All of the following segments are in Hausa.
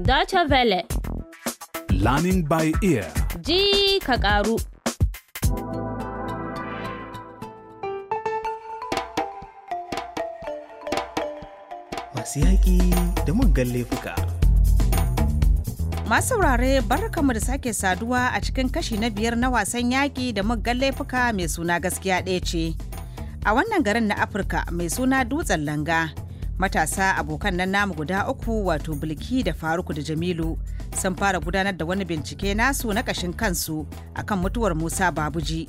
Deutsche Welle. Learning by ear. Ji ka ƙaru. Masu yaƙi da muggan laifuka. Masu saurare barkamu da sake saduwa a cikin kashi na biyar na wasan yaƙi da muggan laifuka mai suna gaskiya ɗaya ce. A wannan garin na Afirka mai suna dutsen langa. matasa abokan nan namu guda uku wato bilki da faruku da jamilu sun fara gudanar da wani bincike nasu na kashin kansu akan mutuwar musa babuji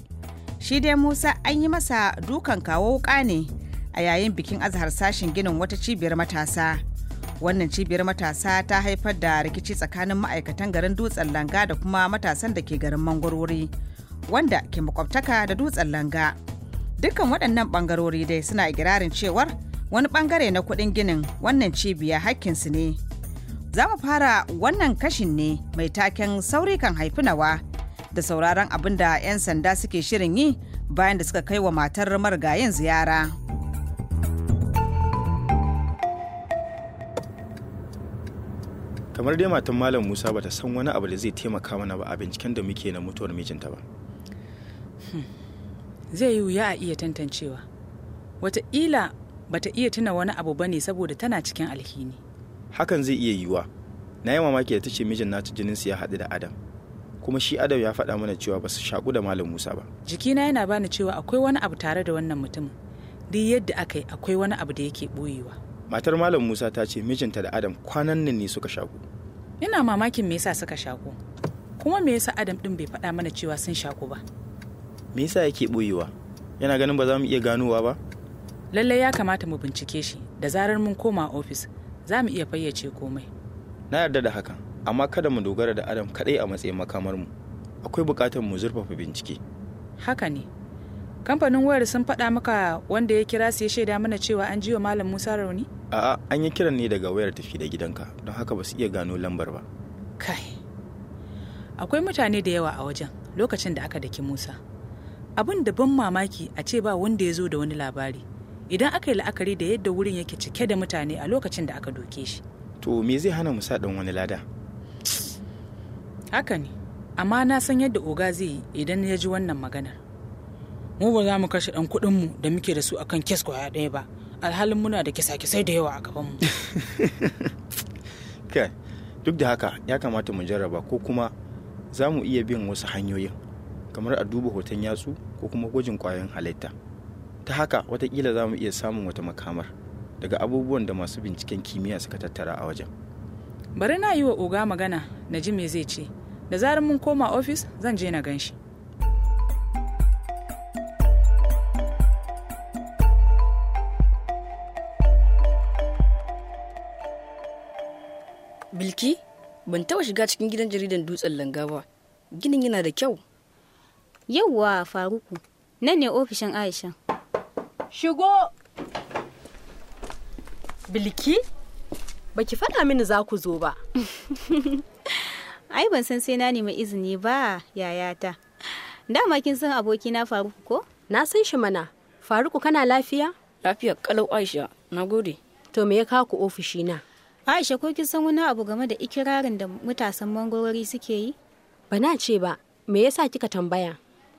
shi dai musa an yi masa dukan kawo wuka ne a yayin bikin azahar sashen ginin wata cibiyar matasa wannan cibiyar matasa ta haifar da rikici tsakanin ma'aikatan garin dutsen langa da kuma matasan da ke garin mangwarori wanda ke makwabtaka da dutsen langa dukkan waɗannan ɓangarori dai suna igirarin cewar wani bangare na kudin ginin wannan cibiya hakkinsu ne. Za mu fara wannan kashin ne mai taken sauri kan haifi nawa da sauraron abin da 'yan sanda suke shirin yi bayan da suka kai wa matar marigayen ziyara. kamar dai matan malam musa bata san wani abu da zai taimaka mana ba a binciken da muke na mutuwar mijinta ba hmm. zai yi wuya a iya tantancewa wataƙila bata iya tuna wani abu ba ne saboda tana cikin alhini hakan zai iya yiwuwa na yi mamaki da ta ce mijin nata su ya haɗu da adam kuma shi adam ya faɗa mana cewa ba su shaƙu da malam musa ba jikina yana bani cewa akwai wani abu tare da wannan mutum, duk yadda aka yi akwai wani abu da yake ɓoyewa matar malam musa ta ce mijinta da adam kwanan nan ne suka shaƙu ina mamakin me yasa suka shaƙu kuma me yasa adam ɗin bai faɗa mana cewa sun shaƙu ba me yasa yake ɓoyewa yana ganin ba za mu iya ganowa ba lallai ya kamata mu bincike shi da zarar mun koma ofis za mu iya fayyace komai na yarda da hakan amma kada mu dogara da adam kadai a matsayin makamar mu akwai bukatar mu zurfafa bincike haka ne kamfanin wayar sun faɗa maka wanda ya kira su ya shaida mana cewa an jiwa malam musa rauni a'a an yi kiran ne daga wayar tafi da gidanka don haka ba su iya gano lambar ba kai akwai mutane da yawa a wajen lokacin da aka daki musa abin da ban mamaki a ce ba wanda ya zo da wani labari idan aka yi la'akari da yadda wurin yake cike da mutane a lokacin da aka doke shi to me zai hana mu sa dan wani lada haka ne amma na san yadda oga zai yi idan ya ji wannan magana. mu ba za mu kashe ɗan kuɗin mu da muke da su akan kes kwaya ɗaya ba alhalin muna da kisa-kisai da yawa a gaban mu kai duk da haka ya kamata mu jarraba ko kuma za mu iya bin wasu hanyoyin kamar a duba hoton yatsu ko kuma gwajin kwayoyin halitta ta haka watakila za mu iya samun wata makamar daga abubuwan da masu binciken kimiyya suka tattara a wajen bari na yi wa oga magana na ji me zai ce da zarar mun koma ofis zan je na gan shi bilki ban taɓa shiga cikin gidan jaridan dutsen langa ba ginin yana da kyau yauwa faruku nan ne ofishin aisha Shigo! Biliki, ki faɗa mini za ku zo ba. Ai ban san sai na nemi izini ba yayata. Dama kin san abokina Faruku ko? Na san shi mana. Faruku kana lafiya? Lafiya kalau Aisha, na gode. To me ya kawo ku ofishi na? Aisha ko kin san wani abu game da ikirarin da matasan mangorori suke yi? Bana ce ba, me yasa kika tambaya?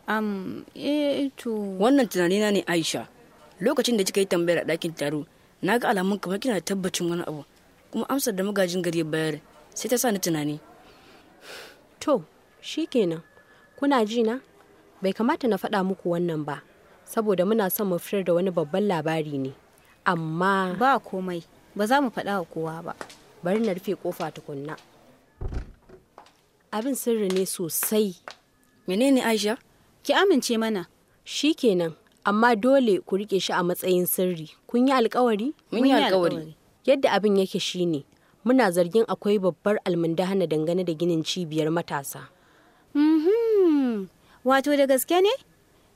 Am, um, eh to. Wannan tunanina ne Aisha. lokacin da kika yi tambayar a ɗakin taro na ga alamun kamar kina da tabbacin wani abu kuma amsar da magajin gari ya bayar sai ta sa ni tunani to shikenan kuna ji na bai kamata na faɗa muku wannan ba saboda muna son mu fitar da wani babban labari ne amma ba komai ba za mu faɗa wa kowa ba bari na rufe kofa tukunna abin sirri ne sosai menene aisha ki amince mana shi kenan. amma dole ku rike shi a matsayin sirri kun yi alkawari mun yi alkawari yadda abin yake shine muna zargin akwai babbar almundahana dangane da ginin cibiyar matasa mm-hmm. wato da gaske ne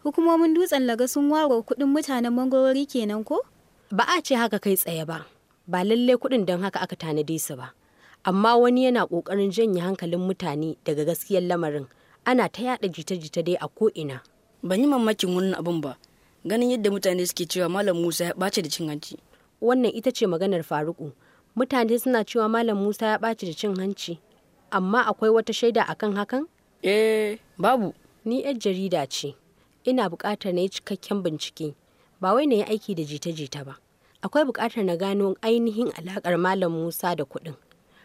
hukumomin dutsen laga sun waro kudin mutanen mangorori kenan ko ba a ce haka kai tsaye ba ba lalle kudin don haka aka tanade su ba amma wani yana kokarin janye hankalin mutane daga gaskiyar lamarin ana ta yada jita-jita dai a ko'ina ban yi mamakin wannan abin ba ganin yadda mutane suke cewa malam musa ya ɓace da cin hanci wannan ita ce maganar faruku mutane suna cewa malam musa ya ɓace da cin hanci amma akwai wata shaida akan hakan eh babu ni yar jarida ce ina buƙatar na yi cikakken bincike ba wai na yi aiki da jita-jita ba akwai buƙatar na gano ainihin alaƙar malam musa da kuɗin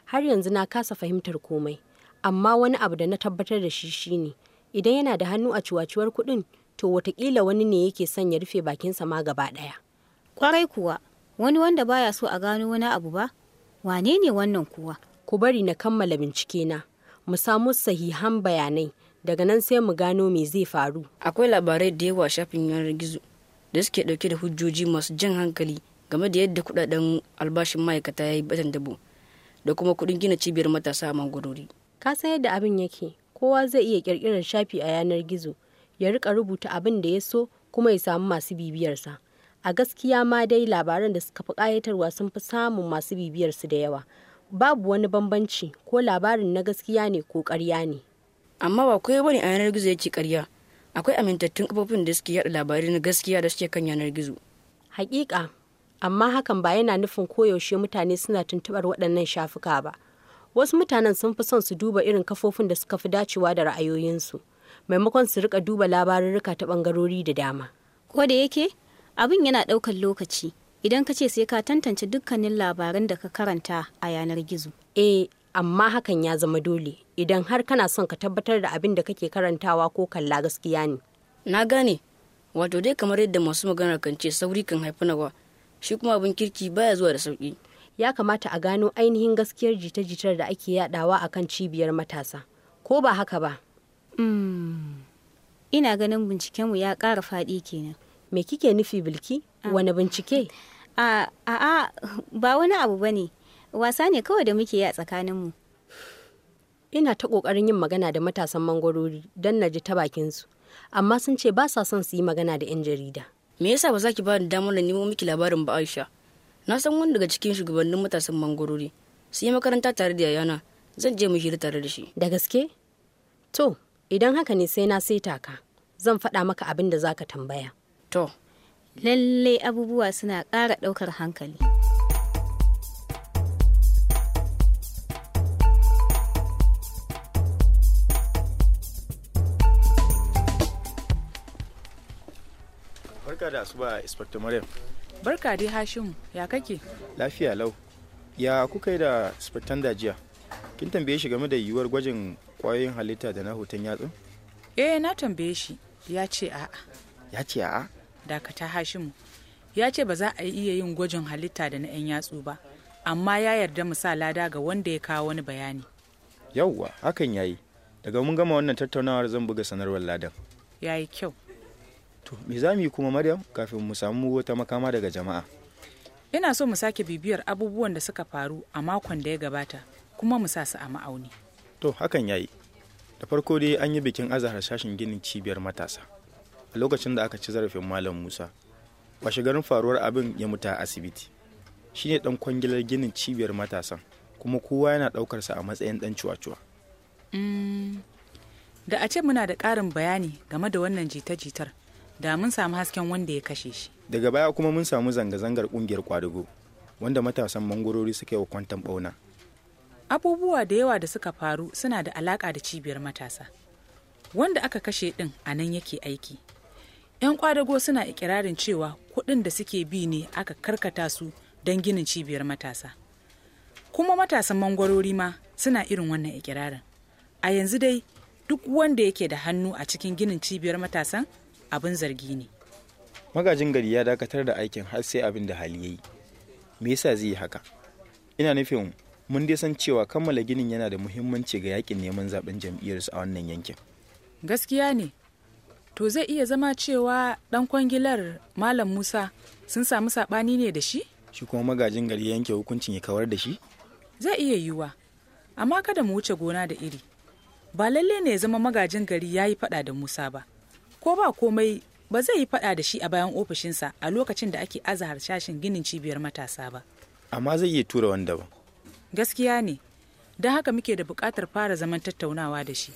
har yanzu na kasa fahimtar komai amma wani abu da na tabbatar da shi shine idan yana da hannu a ciwaciwar kuɗin to watakila wani ne yake son ya rufe bakinsa ma gaba ɗaya. Kwarai kuwa, wani wanda baya so a gano wani abu ba, wane ne wannan kuwa? Ku bari na kammala bincike na, mu samu sahihan bayanai daga nan sai mu gano me zai faru. Akwai labarai da yawa shafin yanar gizo da suke ɗauke da hujjoji masu jan hankali game da yadda kudaden albashin ma'aikata ya yi batan dabo da kuma kuɗin gina cibiyar matasa a mangwarori. Ka san yadda abin yake, kowa zai iya ƙirƙirar shafi a yanar gizo. ya rika rubuta abin da ya so kuma ya samu masu bibiyarsa a gaskiya ma dai labaran da suka fi ƙayatarwa sun fi samun masu bibiyarsu da yawa babu wani bambanci ko labarin na gaskiya ne ko karya ne amma ba kai bane a yanar gizo yake karya? akwai amintattun kafofin da suke yada labarai na gaskiya da suke kan yanar gizo hakika amma hakan ba yana nufin koyaushe mutane suna tuntubar waɗannan shafuka ba wasu mutanen sun fi son su duba irin kafofin da suka fi dacewa da ra'ayoyinsu maimakon su rika duba labarurruka ta bangarori da dama ko da yake abin yana ɗaukan lokaci idan ka ce sai ka tantance dukkanin labaran da ka karanta a yanar gizo e amma hakan ya zama dole idan har kana son ka tabbatar da abin da kake karantawa ko kalla gaskiya ne na gane wato dai kamar yadda masu maganar kan ce sauri kan haifi nawa shi kuma abin kirki baya zuwa da sauki ya kamata a gano ainihin gaskiyar jita-jitar da ake yadawa akan cibiyar matasa ko ba haka ba Hmm. Ina ganin bincikenmu ya kara faɗi kenan. Me kike nufi bilki? Ah. Wane bincike? A'a, ba wani abu ba ne. Wasa ne kawai da muke yi a tsakaninmu. Ina ta ƙoƙarin yin magana da matasan mangwarori don na ji ta bakinsu. Amma sun ce ba sa son su yi magana da 'yan jarida. Me yasa ba za ki ba ni damar da nemo miki labarin ba Aisha? Na san wani daga cikin shugabannin matasan mangwarori. Su yi makaranta tare da yayana. Zan je mu hira tare da shi. Da gaske? To, idan haka ne sai na saita ka zan faɗa maka abin da zaka tambaya to lalle abubuwa suna ƙara ɗaukar hankali barka da asuba inspector maryam barka dai hashim ya kake lafiya lau ya kuka yi da inspector jiya kin tambaye shi game da yiwuwar gwajin kwayoyin halitta da na hoton yatsun? eh na tambaye shi ya ce a'a ya ce a'a dakata hashimu ya ce ba za a iya yin gwajin halitta da na 'yan yatsu ba amma ya yarda mu sa lada ga wanda ya kawo wani bayani yauwa hakan yayi daga mun gama wannan tattaunawar zan buga sanarwar ladan yayi kyau to me za mu yi kuma maryam kafin mu samu wata makama daga jama'a ina so mu sake bibiyar abubuwan da suka faru a makon da ya gabata kuma mu sa su a ma'auni to hakan yayi da farko dai an yi bikin azahar sashen ginin cibiyar matasa a lokacin da aka ci zarafin malam musa washe garin faruwar abin ya mutu a asibiti shine dan kwangilar ginin cibiyar matasan kuma kowa yana daukarsa a matsayin dan cuwa mm. da a ce muna da ƙarin bayani game da wannan jita-jitar da mun samu hasken wanda ya kashe shi daga baya kuma mun samu zanga-zangar kungiyar kwadugo wanda matasan mangorori suka yi wa kwantan ɓauna abubuwa da yawa da suka faru suna da alaƙa da cibiyar matasa wanda aka kashe ɗin a nan yake aiki 'yan kwadago suna ikirarin cewa kuɗin da suke bi ne aka karkata su don ginin cibiyar matasa kuma matasan mangwarori ma suna irin wannan ikirarin a yanzu dai duk wanda yake da hannu a cikin ginin cibiyar matasan abin zargi ne magajin gari ya dakatar da aikin har sai abin da hali ya yi me yasa zai yi haka ina nufin mun dai san cewa kammala ginin yana da muhimmanci ga yakin neman zaben jam'iyyarsu a wannan yankin gaskiya ne to zai iya zama cewa dan kwangilar malam musa sun samu saɓani ne da shi shi kuma magajin gari yanke hukuncin ya kawar da shi zai iya yiwuwa amma kada mu wuce gona da iri ba lalle ne ya zama magajin gari ya yi fada da musa ba ko ba komai ba zai yi faɗa da shi a bayan ofishinsa a lokacin da ake aza harsashin ginin cibiyar matasa ba amma zai iya tura wanda ba gaskiya ne don haka muke da buƙatar fara zaman tattaunawa da shi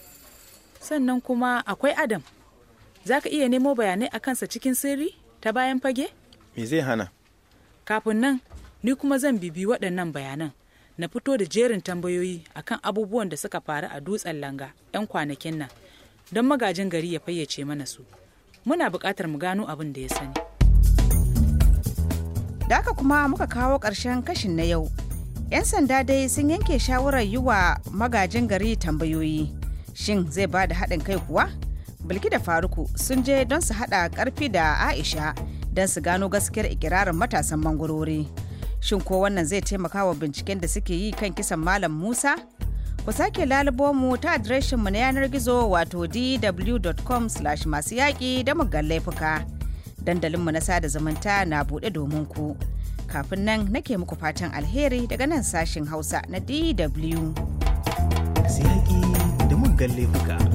sannan kuma akwai adam za ka iya nemo bayanai a kansa cikin sirri ta bayan fage me zai hana kafin nan ni kuma zan bibi waɗannan bayanan na fito da jerin tambayoyi akan abubuwan da suka faru a dutsen langa 'yan kwanakin nan don magajin gari ya fayyace mana su muna buƙatar mu gano abin da ya sani da haka kuma muka kawo ƙarshen kashin na yau 'yan sanda dai sun yanke shawarar yi wa magajin gari tambayoyi shin zai ba da haɗin kai kuwa bilki da faruku sun je don su haɗa ƙarfi da aisha don su gano gaskiyar ikirarin matasan mangurori shin ko wannan zai taimaka wa binciken da suke yi kan kisan malam musa ku sake lalubo mu ta mu na yanar gizo wato dw.com masu yaƙi da muggan laifuka dandalinmu na sada zumunta na buɗe domin ku. kafin nan nake muku fatan alheri daga nan sashen hausa na dw. Siyaki da muggan laifuka.